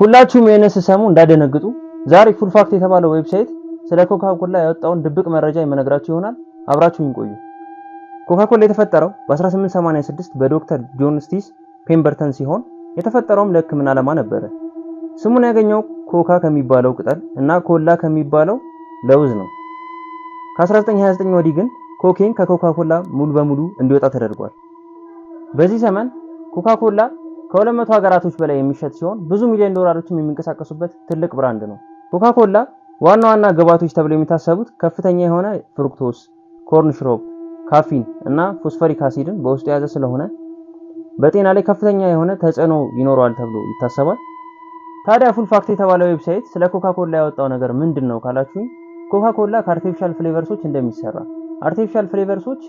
ሁላችሁም ይህንን ስሰሙ እንዳደነግጡ። ዛሬ ፉል ፋክት የተባለው ዌብሳይት ስለ ኮካኮላ ያወጣውን ድብቅ መረጃ የምነግራችሁ ይሆናል። አብራችሁ ቆዩ። ኮካኮላ የተፈጠረው በ1886 በዶክተር ጆን ስቲስ ፔምበርተን ሲሆን የተፈጠረውም ለሕክምና ዓላማ ነበረ። ስሙን ያገኘው ኮካ ከሚባለው ቅጠል እና ኮላ ከሚባለው ለውዝ ነው። ከ1929 ወዲህ ግን ኮኬን ከኮካኮላ ሙሉ በሙሉ እንዲወጣ ተደርጓል። በዚህ ዘመን ኮካኮላ ከ200 ሀገራቶች በላይ የሚሸጥ ሲሆን ብዙ ሚሊዮን ዶላሮችም የሚንቀሳቀሱበት ትልቅ ብራንድ ነው። ኮካኮላ ዋና ዋና ግብዓቶች ተብለው የሚታሰቡት ከፍተኛ የሆነ ፍሩክቶስ፣ ኮርን ሽሮፕ፣ ካፊን እና ፎስፈሪክ አሲድን በውስጡ የያዘ ስለሆነ በጤና ላይ ከፍተኛ የሆነ ተጽዕኖ ይኖረዋል ተብሎ ይታሰባል። ታዲያ ፉል ፋክት የተባለ ዌብሳይት ስለ ኮካኮላ ያወጣው ነገር ምንድን ነው ካላችሁኝ ኮካኮላ ከአርቲፊሻል ፍሌቨርሶች እንደሚሰራ አርቲፊሻል ፍሌቨርሶች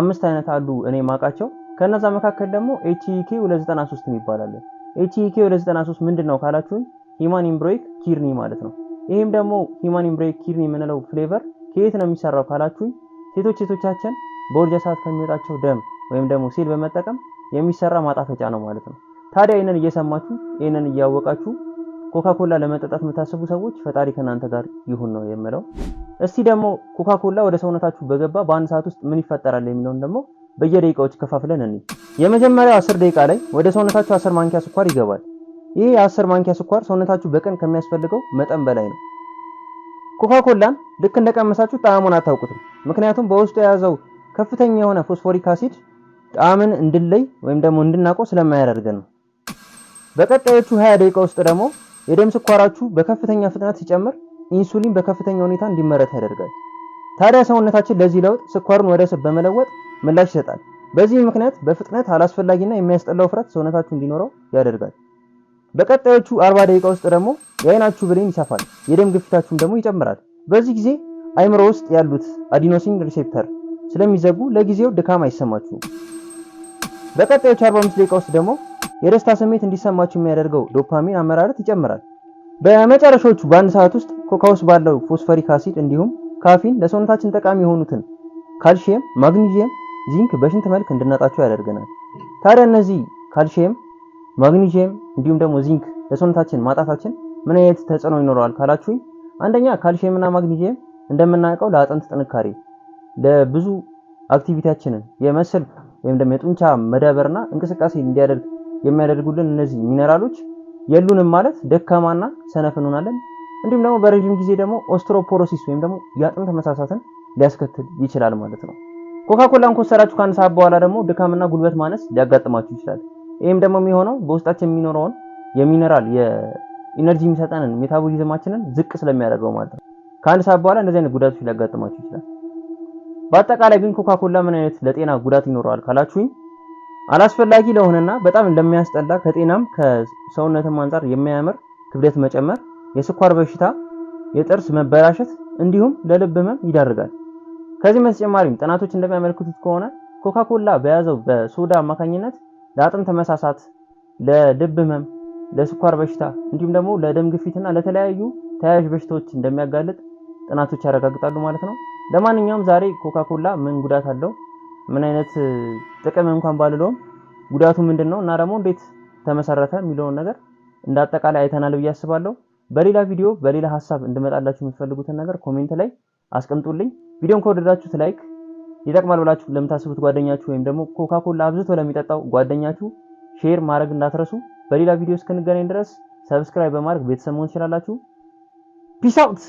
አምስት አይነት አሉ እኔ ማቃቸው ከነዛ መካከል ደግሞ ኤችኢኬ 293 e የሚባል አለ። ኤችኢኬ 293 e ምንድነው ካላችሁኝ ሂማን ኢምብሮይክ ኪርኒ ማለት ነው። ይሄም ደግሞ ሂማን ኢምብሮይክ ኪርኒ የምንለው ፍሌቨር ከየት ነው የሚሰራው ካላችሁኝ ሴቶች ሴቶቻችን በውርጃ ሰዓት ከሚወጣቸው ደም ወይም ደግሞ ሴል በመጠቀም የሚሰራ ማጣፈጫ ነው ማለት ነው። ታዲያ ይህንን እየሰማችሁ ይህንን እያወቃችሁ ኮካኮላ ለመጠጣት የምታስቡ ሰዎች ፈጣሪ ከናንተ ጋር ይሁን ነው የምለው። እስቲ ደግሞ ኮካኮላ ወደ ሰውነታችሁ በገባ በአንድ ሰዓት ውስጥ ምን ይፈጠራል የሚለውን ደግሞ በየደቂቃዎች ከፋፍለን እንይ። የመጀመሪያው 10 ደቂቃ ላይ ወደ ሰውነታችሁ 10 ማንኪያ ስኳር ይገባል። ይህ የአስር ማንኪያ ስኳር ሰውነታችሁ በቀን ከሚያስፈልገው መጠን በላይ ነው። ኮካኮላን ልክ እንደቀመሳችሁ ጣዕሙን አታውቁትም፣ ምክንያቱም በውስጡ የያዘው ከፍተኛ የሆነ ፎስፎሪክ አሲድ ጣዕምን እንድለይ ወይም ደግሞ እንድናውቀው ስለማያደርገን ነው። በቀጣዮቹ 20 ደቂቃ ውስጥ ደግሞ የደም ስኳራችሁ በከፍተኛ ፍጥነት ሲጨምር ኢንሱሊን በከፍተኛ ሁኔታ እንዲመረት ያደርጋል። ታዲያ ሰውነታችን ለዚህ ለውጥ ስኳርን ወደ ስብ በመለወጥ ምላሽ ይሰጣል። በዚህ ምክንያት በፍጥነት አላስፈላጊና የሚያስጠላ ውፍረት ሰውነታችሁ እንዲኖረው ያደርጋል። በቀጣዮቹ 40 ደቂቃ ውስጥ ደግሞ የአይናችሁ ብሌን ይሰፋል፣ የደም ግፊታችሁም ደግሞ ይጨምራል። በዚህ ጊዜ አይምሮ ውስጥ ያሉት አዲኖሲን ሪሴፕተር ስለሚዘጉ ለጊዜው ድካም አይሰማችሁም። በቀጣዮቹ 45 ደቂቃ ውስጥ ደግሞ የደስታ ስሜት እንዲሰማችሁ የሚያደርገው ዶፓሚን አመራረት ይጨምራል። በመጨረሻዎቹ በአንድ ሰዓት ውስጥ ኮካ ውስጥ ባለው ፎስፈሪክ አሲድ እንዲሁም ካፊን ለሰውነታችን ጠቃሚ የሆኑትን ካልሽየም፣ ማግኒዥየም ዚንክ በሽንት መልክ እንድናጣቸው ያደርገናል። ታዲያ እነዚህ ካልሽየም፣ ማግኒዥየም እንዲሁም ደግሞ ዚንክ ለሰውነታችን ማጣታችን ምን አይነት ተጽዕኖ ይኖረዋል ካላችሁኝ፣ አንደኛ ካልሽየም እና ማግኒዥየም እንደምናውቀው ለአጥንት ጥንካሬ ለብዙ አክቲቪቲያችንን የመስል ወይም ደግሞ የጡንቻ መዳበርና እንቅስቃሴ እንዲያደርግ የሚያደርጉልን እነዚህ ሚነራሎች የሉንም ማለት ደካማና ሰነፍ እንሆናለን። እንዲሁም ደግሞ በረዥም ጊዜ ደግሞ ኦስትሮፖሮሲስ ወይም ደግሞ የአጥንት መሳሳትን ሊያስከትል ይችላል ማለት ነው። ኮካኮላን ከወሰዳችሁ ከአንድ ሰዓት በኋላ ደግሞ ድካምና ጉልበት ማነስ ሊያጋጥማችሁ ይችላል። ይህም ደግሞ የሚሆነው በውስጣችን የሚኖረውን የሚነራል የኢነርጂ የሚሰጠንን ሜታቦሊዝማችንን ዝቅ ስለሚያደርገው ማለት ነው። ከአንድ ሰዓት በኋላ እንደዚህ አይነት ጉዳቶች ሊያጋጥማችሁ ይችላል። በአጠቃላይ ግን ኮካኮላ ምን አይነት ለጤና ጉዳት ይኖረዋል ካላችሁኝ አላስፈላጊ ለሆነና በጣም ለሚያስጠላ ከጤናም ከሰውነትም አንጻር የሚያምር ክብደት መጨመር፣ የስኳር በሽታ፣ የጥርስ መበላሸት እንዲሁም ለልብ ህመም ይዳርጋል። ከዚህም በተጨማሪም ጥናቶች እንደሚያመለክቱት ከሆነ ኮካኮላ በያዘው በሶዳ አማካኝነት ለአጥንት መሳሳት፣ ለልብ ህመም፣ ለስኳር በሽታ እንዲሁም ደግሞ ለደም ግፊትና ለተለያዩ ተያያዥ በሽታዎች እንደሚያጋልጥ ጥናቶች ያረጋግጣሉ ማለት ነው። ለማንኛውም ዛሬ ኮካኮላ ምን ጉዳት አለው፣ ምን አይነት ጥቅም እንኳን ባልለውም ጉዳቱ ምንድን ነው እና ደግሞ እንዴት ተመሰረተ የሚለውን ነገር እንደ አጠቃላይ አይተናል ብዬ አስባለሁ። በሌላ ቪዲዮ በሌላ ሀሳብ እንድመጣላችሁ የምትፈልጉትን ነገር ኮሜንት ላይ አስቀምጡልኝ። ቪዲዮን ከወደዳችሁት ላይክ ይጠቅማል ብላችሁ ለምታስቡት ጓደኛችሁ ወይም ደግሞ ኮካኮላ አብዝቶ ለሚጠጣው ጓደኛችሁ ሼር ማድረግ እንዳትረሱ። በሌላ ቪዲዮ እስክንገናኝ ድረስ ሰብስክራይብ በማድረግ ቤተሰብ መሆን ትችላላችሁ። ፒስ አውት